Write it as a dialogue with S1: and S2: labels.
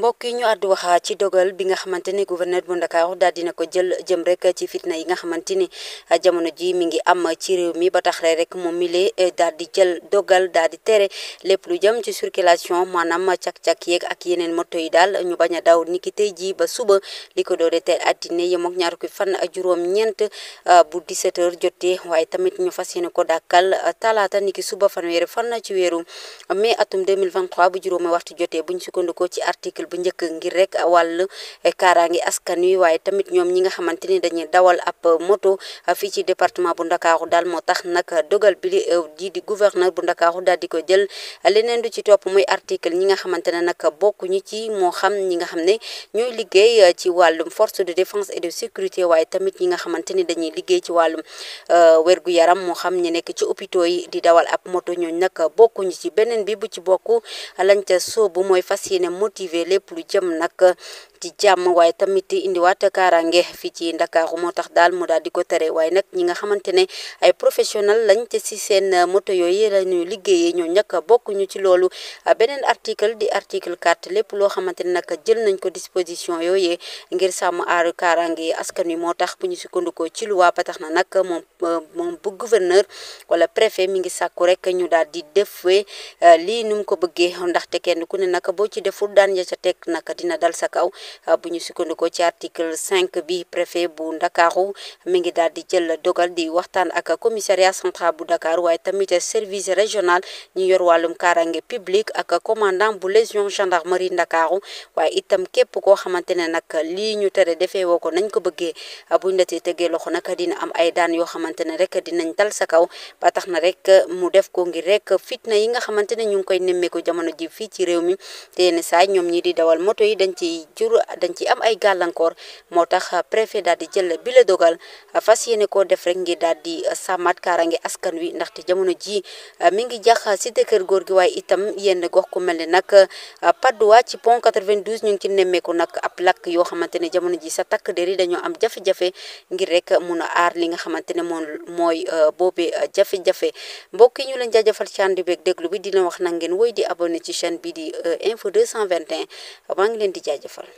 S1: mbokk yi ñu àddu wax ci dogal bi nga xamante ni gouverneur bu Ndakaaru daal dina ko jël jëm rek ci fitna yi nga xamante ni ah, jamono ji mi ngi am ci réew mi ba tax rek moom mi lee eh, daal di jël dogal daal di tere lépp lu jëm ci circulation maanaam cak-cak yeeg ak yeneen moto yi daal ñu bañ a daw niki tey jii ba suba li ko doore teel àddina yem ak ñaar ko fan juróom ñeent ah, bu 17h jotee waaye tamit ñu fas yéene ko dàkkal ah, talaata niki suba fanweeri fan ci weeru mai atum 2023 bu juróomi waxtu jotee buñ sukkandikoo ci article bu njëkk ngir rek wàllu kaaraangi askan wi waaye tamit ñoom ñi nga xamante ni dañuy dawal ab moto fii ci département bu ndakaaxu daal moo tax nag dogal bi euh, di di gouverneur bu Ndakaaru daal di ko jël leneen du ci topp muy article ñi nga xamante ne nag bokkuñu ci moo xam ñi nga xam ne ñooy liggéey euh, ci wàllum force de défense et de sécurité waaye tamit ñi nga xamante ni dañuy liggéey ci wàllum euh, wergu yaram moo xam ñi nekk ci hôpitaux yi di dawal ab moto ñooñu nag bokkuñu ci beneen bi bu ci bokk lañ soobu mooy fas yéene motiver lépp lu jëm nag di jàmm waaye tamit indiwaat kaaraange fii ci Ndakaaru moo tax daal mu daal di ko tere waaye nag ñi nga xamante ne ay professionnel lañ te si seen uh, moto yooyu la ñuy liggéeyee ñoo ñàkk bokkuñu ci loolu uh, beneen article di article 4 lépp loo xamante ne nag jël nañ ko disposition yooyee ngir sàmm aaru kaaraange askan wi moo tax bu ñu sukkandikoo ci luwaa ba tax na nag moom uh, moom bu gouverneur wala préfet mi ngi sàkku rek ñu daal di defee lii ni ko bëggee ndaxte kenn ku ne naka boo ci deful daan ca teg nag dina dal sa kaw Euh, bu ñu sukkandikoo ci article 5 bi préfet bu ndakaaru mu ngi daal di jël dogal di waxtaan ak commissariat central bu Dakar waaye tamit service régional ñu yor wàllum kaaraange public ak commandant bu légion gendarmerie ndakaaru waaye itam képp koo xamante ne nag lii ñu tere defee woo ko nañ ko bëggee euh, buñ la ci tegee loxo nag dina am ay daan yoo xamante ne rek dinañ dal sa kaw ba tax na rek euh, mu def ko ngi rek fitna yi nga xamante ne ñu ngi koy nemmeeku jamono ji fii ci réew mi dañ ci am ay gàllankoor moo tax préfet daal di jël bi la dogal fas yéene koo def rek ngir daal di sàmmaat kaarange askan wi ndax ndaxte jamono ji euh, mi ngi jax si kër góor gi waaye itam yenn gox ku mel ne nag euh, Padoa ci pont 92 ñu ngi ci nemmeeku nag ab lakk yoo xamante ne jamono ji sa takk der yi dañoo am jafe-jafe ngir rek mun a aar li nga xamante ne moom mooy euh, boobee jafe-jafe mbokk yi ñu leen jaajëfal ci ànd beeg déglu bi dina wax na ngeen woy di abonné ci chaîne bi di info 221 maa ngi leen di jaajëfal